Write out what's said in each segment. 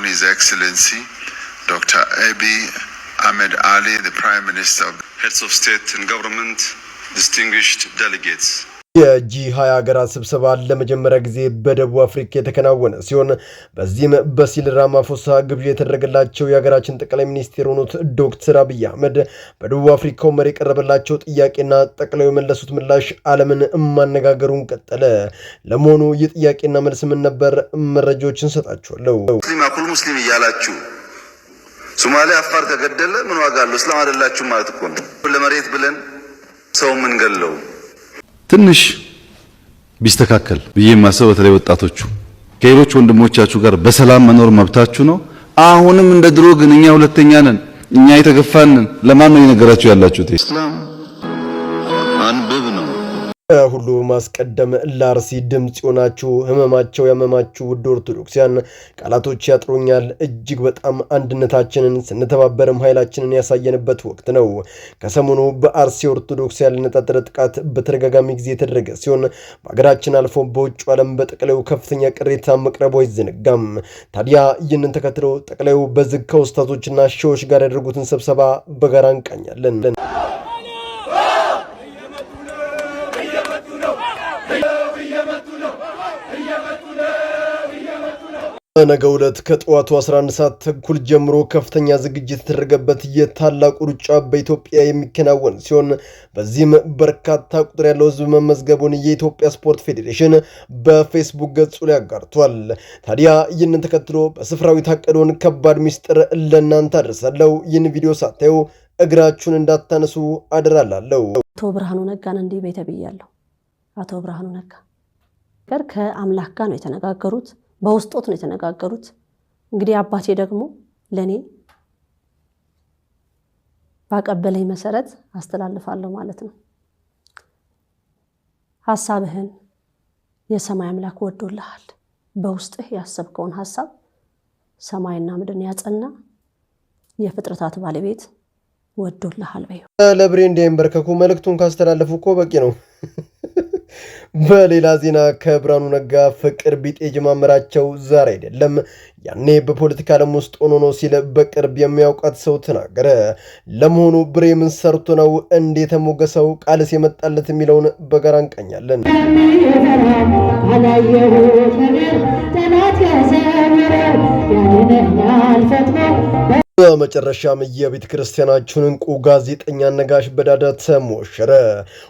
upon His Excellency Dr. Abiy Ahmed Ali, the Prime Minister Heads of State and Government, distinguished delegates. የጂ 20 ሀገራት ስብሰባ ለመጀመሪያ ጊዜ በደቡብ አፍሪካ የተከናወነ ሲሆን በዚህም በሲል ራማፎሳ ግብዣ የተደረገላቸው የሀገራችን ጠቅላይ ሚኒስትር የሆኑት ዶክተር አብይ አህመድ በደቡብ አፍሪካው መሪ የቀረበላቸው ጥያቄና ጠቅላዩ የመለሱት ምላሽ ዓለምን ማነጋገሩን ቀጠለ። ለመሆኑ የጥያቄና መልስ ምን ነበር? መረጃዎች እንሰጣችኋለሁ። ሙስሊም አኩል ሙስሊም እያላችሁ ሶማሌ፣ አፋር ተገደለ ምን ዋጋ አለው? እስላም አይደላችሁ ማለት እኮ ነው። ለመሬት ብለን ሰው ምንገለው ትንሽ ቢስተካከል ብዬ የማሰብ በተለይ ወጣቶቹ ከሌሎች ወንድሞቻችሁ ጋር በሰላም መኖር መብታችሁ ነው። አሁንም እንደ ድሮ ግን እኛ ሁለተኛ ነን፣ እኛ የተገፋንን ለማን ነው የነገራችሁ ያላችሁት? ሁሉ ማስቀደም ለአርሲ ድምፅ ሆናችሁ ህመማቸው ያመማችሁ ውድ ኦርቶዶክሲያን ቃላቶች ያጥሩኛል። እጅግ በጣም አንድነታችንን ስንተባበርም ኃይላችንን ያሳየንበት ወቅት ነው። ከሰሞኑ በአርሲ ኦርቶዶክስ ያልነጣጠረ ጥቃት በተደጋጋሚ ጊዜ የተደረገ ሲሆን በሀገራችን አልፎ በውጭ ዓለም በጠቅላዩ ከፍተኛ ቅሬታ መቅረቡ አይዘነጋም። ታዲያ ይህንን ተከትለው ጠቅላዩ በዝግ ከውስታቶችና ሸዎች ጋር ያደረጉትን ስብሰባ በጋራ እንቃኛለን። በነገ ዕለት ከጠዋቱ 11 ሰዓት ተኩል ጀምሮ ከፍተኛ ዝግጅት የተደረገበት የታላቁ ሩጫ በኢትዮጵያ የሚከናወን ሲሆን በዚህም በርካታ ቁጥር ያለው ሕዝብ መመዝገቡን የኢትዮጵያ ስፖርት ፌዴሬሽን በፌስቡክ ገጹ ላይ አጋርቷል። ታዲያ ይህንን ተከትሎ በስፍራው የታቀደውን ከባድ ሚስጥር ለእናንተ አድርሳለሁ። ይህን ቪዲዮ ሳታዩ እግራችሁን እንዳታነሱ አደራላለሁ። አቶ ብርሃኑ ነጋን እንዲህ ቤተብያለሁ። አቶ ብርሃኑ ነጋ ከአምላክ ጋር ነው የተነጋገሩት በውስጦት ነው የተነጋገሩት። እንግዲህ አባቴ ደግሞ ለእኔ ባቀበለኝ መሰረት አስተላልፋለሁ ማለት ነው። ሀሳብህን የሰማይ አምላክ ወዶልሃል። በውስጥህ ያሰብከውን ሀሳብ ሰማይና ምድርን ያጸና የፍጥረታት ባለቤት ወዶልሃል በይ ለብሬ እንዲያንበርከኩ መልእክቱን ካስተላለፉ እኮ በቂ ነው። በሌላ ዜና ከብርሃኑ ነጋ ፍቅር ቢጤ የጀማመራቸው ዛሬ አይደለም፣ ያኔ በፖለቲካ ዓለም ውስጥ ሆኖ ነው ሲል በቅርብ የሚያውቃት ሰው ተናገረ። ለመሆኑ ብሬ ምን ሰርቶ ነው እንዴ ተሞገሰው ቃልስ የመጣለት የሚለውን በጋራ እንቃኛለን። በመጨረሻም የቤተ ክርስቲያናችሁን እንቁ ጋዜጠኛ ነጋሽ በዳዳ ተሞሸረ።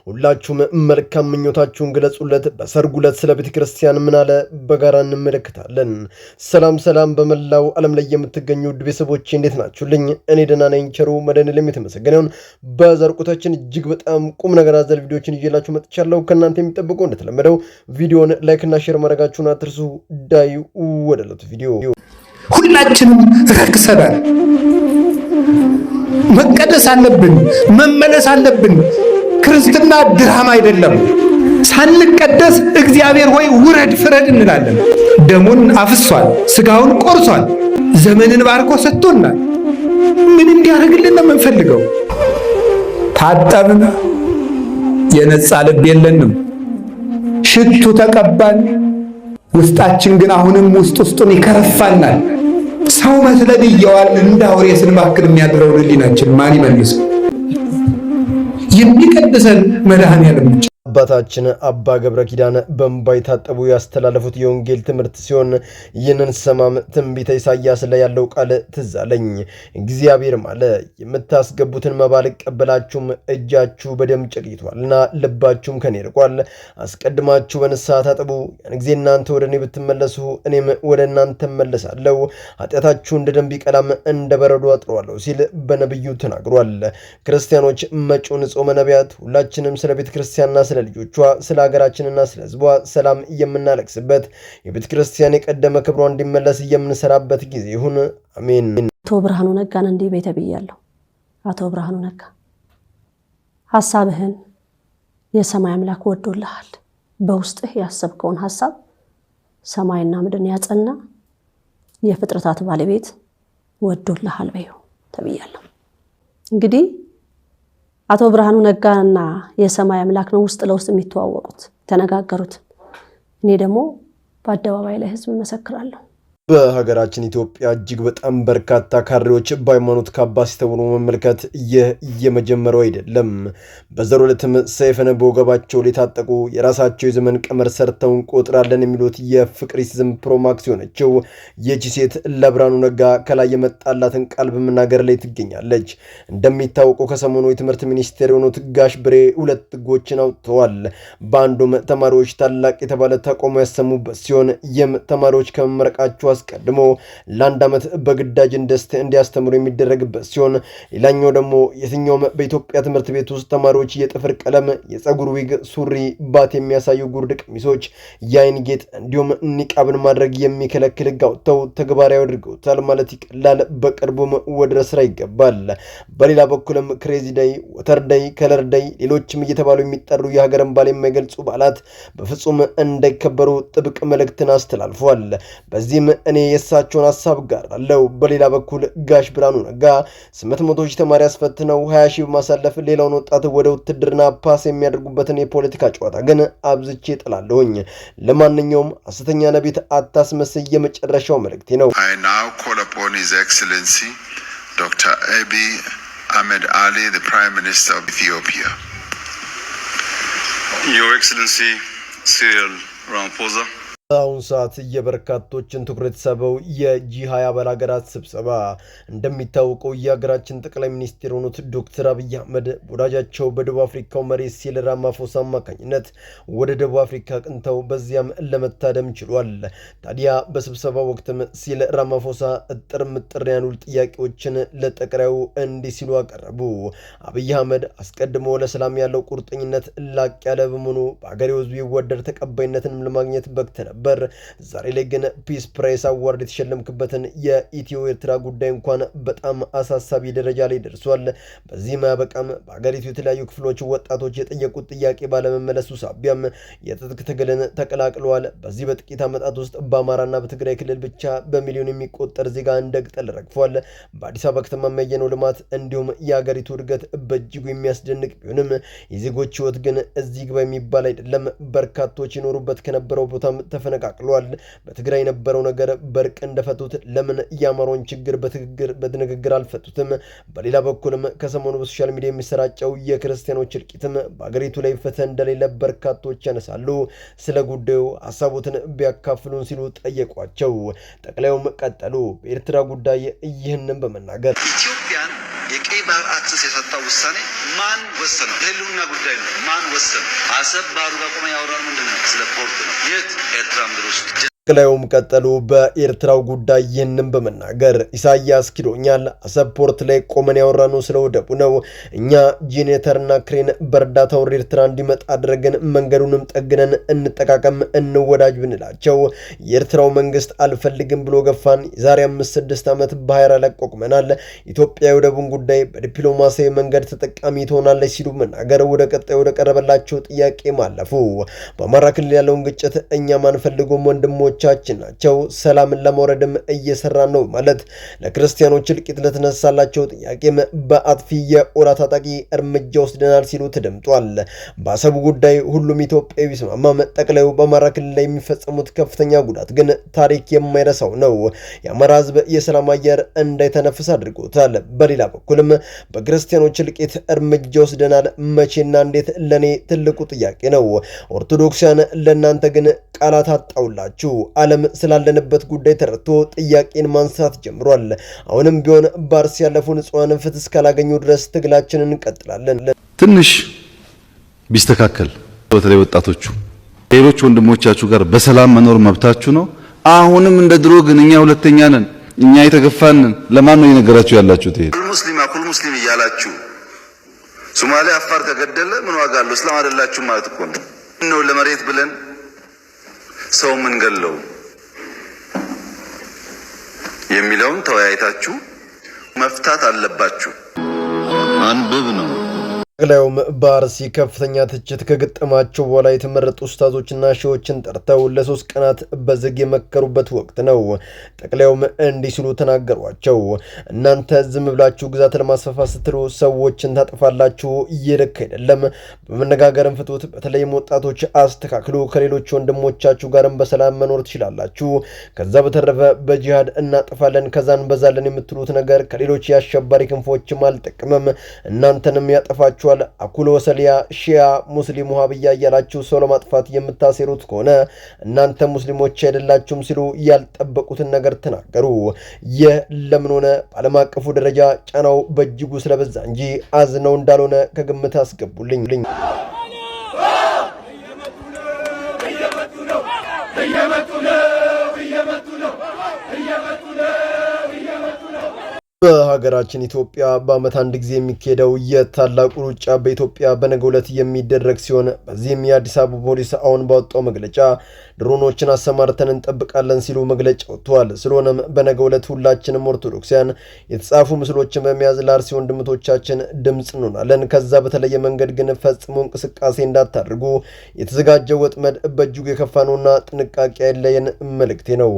ሁላችሁም መልካም ምኞታችሁን ግለጹለት። በሰርጉ ዕለት ስለ ቤተ ክርስቲያን ምን አለ በጋራ እንመለከታለን። ሰላም ሰላም፣ በመላው ዓለም ላይ የምትገኙ ውድ ቤተሰቦቼ እንዴት ናችሁልኝ? እኔ ደህና ነኝ። ቸሩ መድኃኔዓለም የተመሰገነውን በዘርቁታችን እጅግ በጣም ቁም ነገር አዘል ቪዲዮችን ይዤላችሁ መጥቻለሁ። ከእናንተ የሚጠብቁ እንደተለመደው ቪዲዮን ላይክና ሼር ማድረጋችሁን አትርሱ። ዳይ ወደለት ቪዲዮ ሁላችንም ረክሰናል። መቀደስ አለብን፣ መመለስ አለብን። ክርስትና ድራማ አይደለም። ሳንቀደስ እግዚአብሔር ሆይ ውረድ ፍረድ እንላለን። ደሙን አፍሷል፣ ስጋውን ቆርሷል፣ ዘመንን ባርኮ ሰጥቶናል። ምን እንዲያደርግልን ነው የምንፈልገው? ታጠብን፣ የነጻ ልብ የለንም። ሽቱ ተቀባን፣ ውስጣችን ግን አሁንም ውስጥ ውስጡን ይከረፋናል። ሹመት ለብየዋል። እንደ አውሬ ስንባክል የሚያድረውን ህሊናችን ማን ይመልስ? የሚቀድሰን መድኃኔዓለም ብቻ አባታችን አባ ገብረ ኪዳን በእንባ የታጠቡ ያስተላለፉት የወንጌል ትምህርት ሲሆን ይህንን ሰማም ትንቢተ ኢሳያስ ላይ ያለው ቃል ትዝ አለኝ። እግዚአብሔርም አለ የምታስገቡትን መባ አልቀበላችሁም፣ እጃችሁ በደም ጭሪቷልና ልባችሁም ከኔ ርቋል። አስቀድማችሁ በንስሐ ታጥቡ፣ ያን ጊዜ እናንተ ወደ እኔ ብትመለሱ እኔም ወደ እናንተ መለሳለሁ፣ ኃጢአታችሁ እንደ ደም ቢቀላም እንደ በረዶ አጥረዋለሁ ሲል በነቢዩ ተናግሯል። ክርስቲያኖች መጪውን ጾመ ነቢያት ሁላችንም ስለ ቤተ ክርስቲያንና ስለ ልጆቿ፣ ስለ ሀገራችንና ስለ ህዝቧ ሰላም የምናለቅስበት የቤተ ክርስቲያን የቀደመ ክብሯ እንዲመለስ የምንሰራበት ጊዜ ይሁን። አሜን። አቶ ብርሃኑ ነጋን እንዲህ ቤተ ብያለሁ። አቶ ብርሃኑ ነጋ ሀሳብህን የሰማይ አምላክ ወዶልሃል። በውስጥህ ያሰብከውን ሀሳብ ሰማይና ምድርን ያጸና የፍጥረታት ባለቤት ወዶልሃል በይው ተብያለሁ እንግዲህ አቶ ብርሃኑ ነጋና የሰማይ አምላክ ነው ውስጥ ለውስጥ የሚተዋወቁት ተነጋገሩት እኔ ደግሞ በአደባባይ ላይ ህዝብ እመሰክራለሁ። በሀገራችን ኢትዮጵያ እጅግ በጣም በርካታ ካድሬዎች በሃይማኖት ካባ ሲተውኑ መመልከት ይህ የመጀመሪያው አይደለም። በዘሮ ዕለትም ሰይፍን በወገባቸው ሊታጠቁ የራሳቸው የዘመን ቀመር ሰርተው እንቆጥራለን የሚሉት የፍቅርሲዝም ፕሮማክስ የሆነችው ይህቺ ሴት ለብርሃኑ ነጋ ከላይ የመጣላትን ቃል በመናገር ላይ ትገኛለች። እንደሚታወቀው ከሰሞኑ የትምህርት ሚኒስቴር የሆኑት ጋሽ ብሬ ሁለት ሕጎችን አውጥተዋል። በአንዱም ተማሪዎች ታላቅ የተባለ ተቃውሞ ያሰሙበት ሲሆን ይህም ተማሪዎች ከመመረቃቸው አስቀድሞ ለአንድ ዓመት በግዳጅ እንደስት እንዲያስተምሩ የሚደረግበት ሲሆን ሌላኛው ደግሞ የትኛውም በኢትዮጵያ ትምህርት ቤት ውስጥ ተማሪዎች የጥፍር ቀለም፣ የፀጉር ዊግ፣ ሱሪ፣ ባት የሚያሳዩ ጉርድ ቀሚሶች፣ የአይን ጌጥ እንዲሁም ኒቃብን ማድረግ የሚከለክል ሕግ አውጥተው ተግባራዊ አድርገውታል ማለት ይቀላል። በቅርቡም ወደ ስራ ይገባል። በሌላ በኩልም ክሬዚ ደይ፣ ወተር ደይ፣ ከለር ደይ፣ ሌሎችም እየተባሉ የሚጠሩ የሀገርን ባል የማይገልጹ በዓላት በፍጹም እንዳይከበሩ ጥብቅ መልእክትን አስተላልፏል። በዚህም እኔ የእሳቸውን ሀሳብ እጋራለሁ። በሌላ በኩል ጋሽ ብርሃኑ ነጋ ስምንት መቶ ሺህ ተማሪ አስፈትነው ሀያ ሺህ በማሳለፍ ሌላውን ወጣት ወደ ውትድርና ፓስ የሚያደርጉበትን የፖለቲካ ጨዋታ ግን አብዝቼ ጥላለሁኝ። ለማንኛውም ሐሰተኛ ነቢት አታስመስይ የመጨረሻው መልእክቴ ነው። ዶክተር አቢይ አህመድ አሊ ፕራይም ሚኒስተር ኦፍ ኢትዮጵያ ዮር ኤክሰለንሲ ሲሪል ራምፎዛ በአሁኑ ሰዓት የበርካቶችን ትኩረት ሰበው የጂ20 አባል ሀገራት ስብሰባ። እንደሚታወቀው የሀገራችን ጠቅላይ ሚኒስትር የሆኑት ዶክተር አብይ አህመድ ወዳጃቸው በደቡብ አፍሪካው መሪ ሲሪል ራማፎሳ አማካኝነት ወደ ደቡብ አፍሪካ ቅንተው በዚያም ለመታደም ችሏል። ታዲያ በስብሰባ ወቅትም ሲል ራማፎሳ እጥር ምጥር ያሉ ጥያቄዎችን ለጠቅላዩ እንዲህ ሲሉ አቀረቡ። አብይ አህመድ አስቀድሞ ለሰላም ያለው ቁርጠኝነት ላቅ ያለ በመሆኑ በአገሬው ሕዝብ ይወደድ ተቀባይነትንም ለማግኘት በግተነ ነበር። ዛሬ ላይ ግን ፒስ ፕራይስ አዋርድ የተሸለምክበትን የኢትዮ ኤርትራ ጉዳይ እንኳን በጣም አሳሳቢ ደረጃ ላይ ደርሷል። በዚህ ማበቃም በሀገሪቱ የተለያዩ ክፍሎች ወጣቶች የጠየቁት ጥያቄ ባለመመለሱ ሳቢያም የትጥቅ ትግልን ተቀላቅለዋል። በዚህ በጥቂት ዓመታት ውስጥ በአማራና በትግራይ ክልል ብቻ በሚሊዮን የሚቆጠር ዜጋ እንደ ቅጠል ረግፏል። በአዲስ አበባ ከተማ ያየነው ልማት እንዲሁም የሀገሪቱ እድገት በእጅጉ የሚያስደንቅ ቢሆንም የዜጎች ህይወት ግን እዚህ ግባ የሚባል አይደለም። በርካቶች ይኖሩበት ከነበረው ቦታም ተፈ ተነቃቅሏል። በትግራይ የነበረው ነገር በእርቅ እንደፈቱት ለምን የአማራውን ችግር በትግግር በንግግር አልፈቱትም? በሌላ በኩልም ከሰሞኑ በሶሻል ሚዲያ የሚሰራጨው የክርስቲያኖች እልቂትም በአገሪቱ ላይ ፍትህ እንደሌለ በርካቶች ያነሳሉ። ስለ ጉዳዩ ሀሳቡትን ቢያካፍሉን ሲሉ ጠየቋቸው። ጠቅላዩም ቀጠሉ በኤርትራ ጉዳይ ይህንን በመናገር የቀይ ባህር አክሰስ የሰጠው ውሳኔ ማን ወሰነው? የህልውና ጉዳይ ነው። ማን ወሰነው? አሰብ ባህሩ ጋር ቆመ ያወራል ምንድን ነው? ስለ ፖርት ነው። የት? ኤርትራ ምድር ውስጥ ክላዩም ቀጠሉ። በኤርትራው ጉዳይ ይህንም በመናገር ኢሳያስ ኪዶኛል። አሰብ ፖርት ላይ ቆመን ያወራነው ስለ ወደቡ ነው። እኛ ጄኔተርና ክሬን በእርዳታ ወደ ኤርትራ እንዲመጣ አድረግን መንገዱንም ጠግነን እንጠቃቀም እንወዳጅ ብንላቸው የኤርትራው መንግስት አልፈልግም ብሎ ገፋን። የዛሬ አምስት ስድስት ዓመት ባህር አላቆቅመናል። ኢትዮጵያ የወደቡን ጉዳይ በዲፕሎማሲያዊ መንገድ ተጠቃሚ ትሆናለች ሲሉ መናገር ወደ ቀጣይ ወደ ቀረበላቸው ጥያቄ ማለፉ። በአማራ ክልል ያለውን ግጭት እኛም አንፈልገውም ወንድሞ ወንድሞቻችን ናቸው፣ ሰላምን ለመውረድም እየሰራን ነው ማለት ለክርስቲያኖች እልቂት ለተነሳላቸው ጥያቄም በአጥፊ የኦላ ታጣቂ እርምጃ ወስደናል ሲሉ ተደምጧል። በአሰቡ ጉዳይ ሁሉም ኢትዮጵያዊ ቢስማማም ጠቅላዩ በአማራ ክልል ላይ የሚፈጸሙት ከፍተኛ ጉዳት ግን ታሪክ የማይረሳው ነው። የአማራ ህዝብ የሰላም አየር እንዳይተነፍስ አድርጎታል። በሌላ በኩልም በክርስቲያኖች እልቂት እርምጃ ወስደናል። መቼና እንዴት ለእኔ ትልቁ ጥያቄ ነው። ኦርቶዶክሳውያን ለእናንተ ግን ቃላት አጣውላችሁ። ዓለም ስላለንበት ጉዳይ ተረድቶ ጥያቄን ማንሳት ጀምሯል። አሁንም ቢሆን ባርስ ያለፉ ንጹሐንን ፍትህ እስካላገኙ ድረስ ትግላችንን እንቀጥላለን። ትንሽ ቢስተካከል በተለይ ወጣቶቹ ሌሎች ወንድሞቻችሁ ጋር በሰላም መኖር መብታችሁ ነው። አሁንም እንደ ድሮ ግን እኛ ሁለተኛ ነን፣ እኛ የተገፋንን ለማን ነው እየነገራችሁ ያላችሁ? ትሄድ ሙስሊም አኩል ሙስሊም እያላችሁ ሶማሌ፣ አፋር ተገደለ ምን ዋጋ አለው? እስላም አይደላችሁ ማለት እኮ ነው። ለመሬት ብለን ሰው ገለው የሚለውን ተወያይታችሁ መፍታት አለባችሁ። አንብብ ነው ተክለውም በአርሲ ከፍተኛ ትችት ከገጠማቸው በኋላ የተመረጡ ኡስታዞችና ሺዎችን ጠርተው ለሶስት ቀናት በዝግ የመከሩበት ወቅት ነው። ተክለውም እንዲህ ሲሉ ተናገሯቸው። እናንተ ዝም ብላችሁ ግዛት ለማስፋፋት ስትሉ ሰዎችን ታጠፋላችሁ። ይህ አይደለም። በመነጋገርም ፍቱት። በተለይም ወጣቶች አስተካክሉ። ከሌሎች ወንድሞቻችሁ ጋርም በሰላም መኖር ትችላላችሁ። ከዛ በተረፈ በጂሃድ እናጠፋለን፣ ከዛ እንበዛለን የምትሉት ነገር ከሌሎች የአሸባሪ ክንፎችም አልጠቅምም። እናንተንም ያጠፋችሁ ተዘጋጅቷል። አኩሎ ወሰልያ ሺያ፣ ሙስሊም ውሃብያ እያላችሁ ሰው ለማጥፋት የምታሴሩት ከሆነ እናንተ ሙስሊሞች አይደላችሁም ሲሉ ያልጠበቁትን ነገር ተናገሩ። ይህ ለምን ሆነ? በዓለም አቀፉ ደረጃ ጫናው በእጅጉ ስለበዛ እንጂ አዝነው እንዳልሆነ ከግምት አስገቡልኝ። እየመጡ ነው። በሀገራችን ኢትዮጵያ በዓመት አንድ ጊዜ የሚካሄደው የታላቁ ሩጫ በኢትዮጵያ በነገ ዕለት የሚደረግ ሲሆን በዚህም የአዲስ አበባ ፖሊስ አሁን ባወጣው መግለጫ ድሮኖችን አሰማርተን እንጠብቃለን ሲሉ መግለጫ ወጥተዋል። ስለሆነም በነገ ዕለት ሁላችንም ኦርቶዶክሲያን የተጻፉ ምስሎችን በመያዝ ለአርሲ ወንድምቶቻችን ድምፅ እንሆናለን። ከዛ በተለየ መንገድ ግን ፈጽሞ እንቅስቃሴ እንዳታደርጉ፣ የተዘጋጀው ወጥመድ በእጅጉ የከፋ ነውና ጥንቃቄ ያለየን መልእክቴ ነው።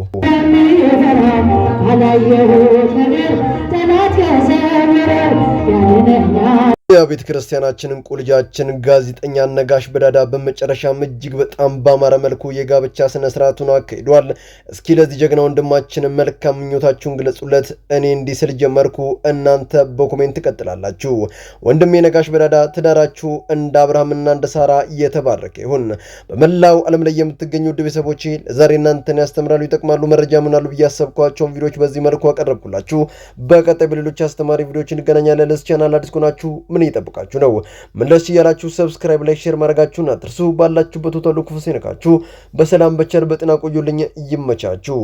ቤተ ክርስቲያናችን እንቁ ልጃችን ጋዜጠኛ ነጋሽ በዳዳ በመጨረሻም እጅግ በጣም ባማረ መልኩ የጋብቻ ስነ ስርዓቱን አካሂዷል። እስኪ ለዚህ ጀግና ወንድማችን መልካም ምኞታችሁን ግለጹለት። እኔ እንዲህ ስል ጀመርኩ፣ እናንተ በኮሜንት ትቀጥላላችሁ። ወንድም የነጋሽ በዳዳ ትዳራችሁ እንደ አብርሃምና እንደ ሳራ እየተባረከ ይሁን። በመላው ዓለም ላይ የምትገኙ ውድ ቤተሰቦች ለዛሬ እናንተን ያስተምራሉ፣ ይጠቅማሉ፣ መረጃ ምናሉ ብዬ ያሰብኳቸውን ቪዲዮዎች በዚህ መልኩ አቀረብኩላችሁ። በቀጣይ በሌሎች አስተማሪ ቪዲዮዎች እንገናኛለን። ለዚህ ቻናል አዲስ ከሆናችሁ ምን የሚጠብቃችሁ ነው። መለስ እያላችሁ ሰብስክራይብ ላይ ሼር ማድረጋችሁን አትርሱ። ባላችሁበት ቦታ ሁሉ ክፉ ሳይነካችሁ በሰላም በቸር በጤና ቆዩልኝ። ይመቻችሁ።